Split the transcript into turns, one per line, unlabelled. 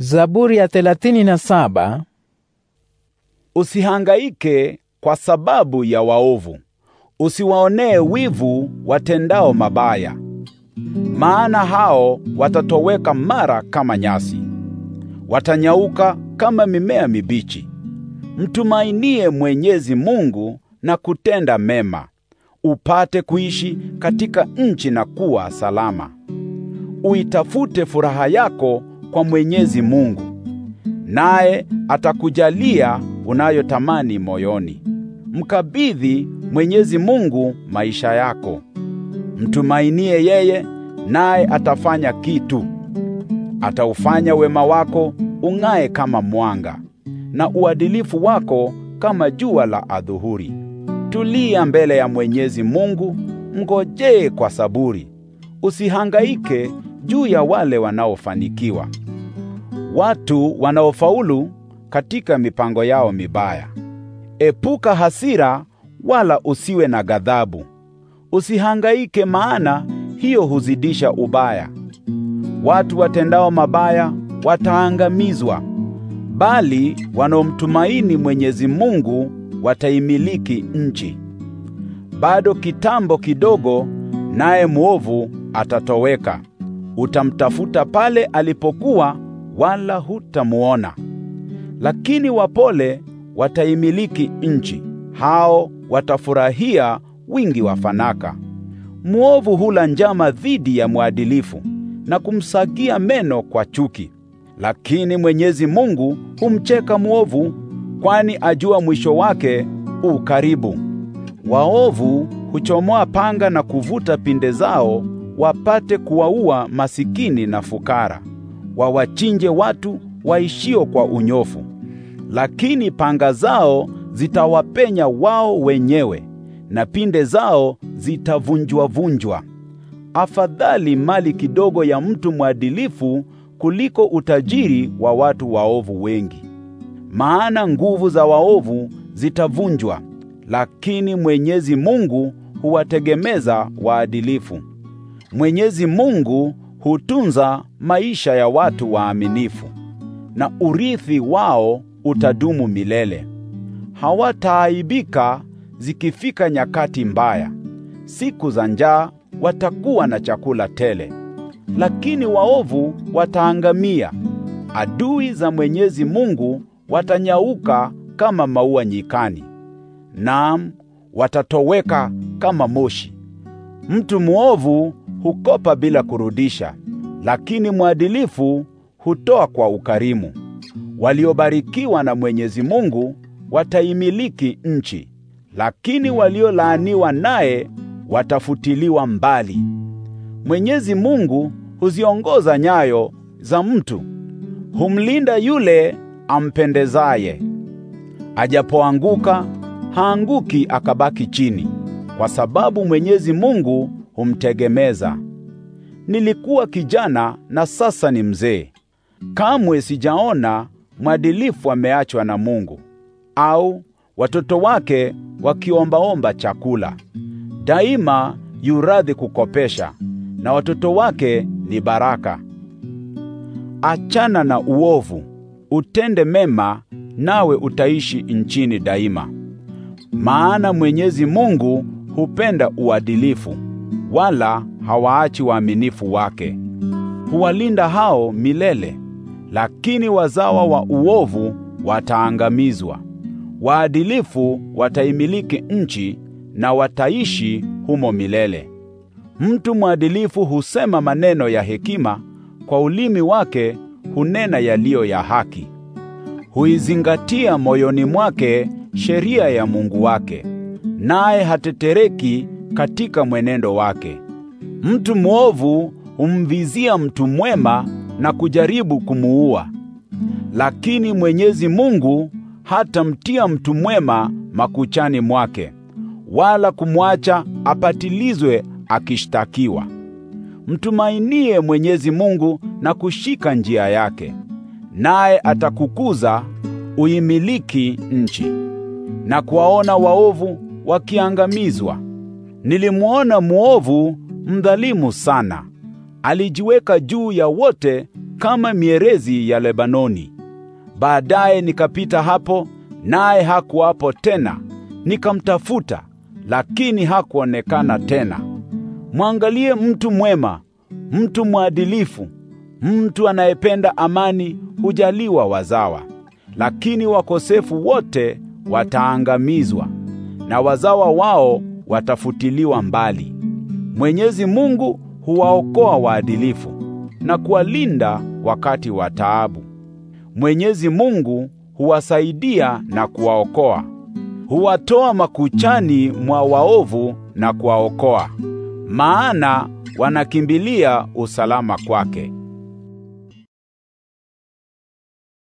Zaburi ya 37. Usihangaike kwa sababu ya waovu, usiwaonee wivu watendao mabaya, maana hao watatoweka mara kama nyasi, watanyauka kama mimea mibichi. Mtumainie Mwenyezi Mungu na kutenda mema, upate kuishi katika nchi na kuwa salama. Uitafute furaha yako kwa Mwenyezi Mungu, naye atakujalia unayotamani moyoni. Mkabidhi Mwenyezi Mungu maisha yako, mtumainie yeye, naye atafanya kitu. Ataufanya wema wako ung'ae kama mwanga na uadilifu wako kama jua la adhuhuri. Tulia mbele ya Mwenyezi Mungu, mngojee kwa saburi, usihangaike juu ya wale wanaofanikiwa, watu wanaofaulu katika mipango yao mibaya. Epuka hasira wala usiwe na ghadhabu. Usihangaike maana hiyo huzidisha ubaya. Watu watendao mabaya wataangamizwa, bali wanaomtumaini Mwenyezi Mungu wataimiliki nchi. Bado kitambo kidogo, naye mwovu atatoweka utamtafuta pale alipokuwa wala hutamuona. Lakini wapole wataimiliki nchi, hao watafurahia wingi wa fanaka. Muovu hula njama dhidi ya mwadilifu na kumsagia meno kwa chuki, lakini Mwenyezi Mungu humcheka muovu, kwani ajua mwisho wake u karibu. Waovu huchomoa panga na kuvuta pinde zao wapate kuwaua masikini na fukara, wawachinje watu waishio kwa unyofu. Lakini panga zao zitawapenya wao wenyewe na pinde zao zitavunjwa-vunjwa. Afadhali mali kidogo ya mtu mwadilifu kuliko utajiri wa watu waovu wengi. Maana nguvu za waovu zitavunjwa, lakini Mwenyezi Mungu huwategemeza waadilifu. Mwenyezi Mungu hutunza maisha ya watu waaminifu, na urithi wao utadumu milele. Hawataaibika zikifika nyakati mbaya. Siku za njaa watakuwa na chakula tele, lakini waovu wataangamia. Adui za Mwenyezi Mungu watanyauka kama maua nyikani, naam, watatoweka kama moshi. Mtu muovu hukopa bila kurudisha, lakini mwadilifu hutoa kwa ukarimu. Waliobarikiwa na Mwenyezi Mungu wataimiliki nchi, lakini waliolaaniwa naye watafutiliwa mbali. Mwenyezi Mungu huziongoza nyayo za mtu, humlinda yule ampendezaye. Ajapoanguka haanguki akabaki chini, kwa sababu Mwenyezi Mungu humtegemeza. Nilikuwa kijana na sasa ni mzee, kamwe sijaona mwadilifu ameachwa na Mungu au watoto wake wakiombaomba chakula. Daima yuradhi kukopesha na watoto wake ni baraka. Achana na uovu, utende mema, nawe utaishi nchini daima, maana Mwenyezi Mungu hupenda uadilifu wala hawaachi waaminifu wake. Huwalinda hao milele, lakini wazawa wa uovu wataangamizwa. Waadilifu wataimiliki nchi na wataishi humo milele. Mtu mwadilifu husema maneno ya hekima, kwa ulimi wake hunena yaliyo ya haki. Huizingatia moyoni mwake sheria ya Mungu wake, naye hatetereki katika mwenendo wake. Mtu mwovu humvizia mtu mwema na kujaribu kumuua, lakini Mwenyezi Mungu hatamtia mtu mwema makuchani mwake, wala kumwacha apatilizwe akishtakiwa. Mtumainie Mwenyezi Mungu na kushika njia yake, naye atakukuza uimiliki nchi na kuwaona waovu wakiangamizwa. Nilimwona mwovu mdhalimu sana, alijiweka juu ya wote kama mierezi ya Lebanoni. Baadaye nikapita hapo, naye hakuwapo tena. Nikamtafuta, lakini hakuonekana tena. Mwangalie mtu mwema, mtu mwadilifu, mtu anayependa amani hujaliwa wazawa, lakini wakosefu wote wataangamizwa, na wazawa wao watafutiliwa mbali. Mwenyezi Mungu huwaokoa waadilifu na kuwalinda wakati wa taabu. Mwenyezi Mungu huwasaidia na kuwaokoa, huwatoa makuchani mwa waovu na kuwaokoa, maana wanakimbilia usalama kwake.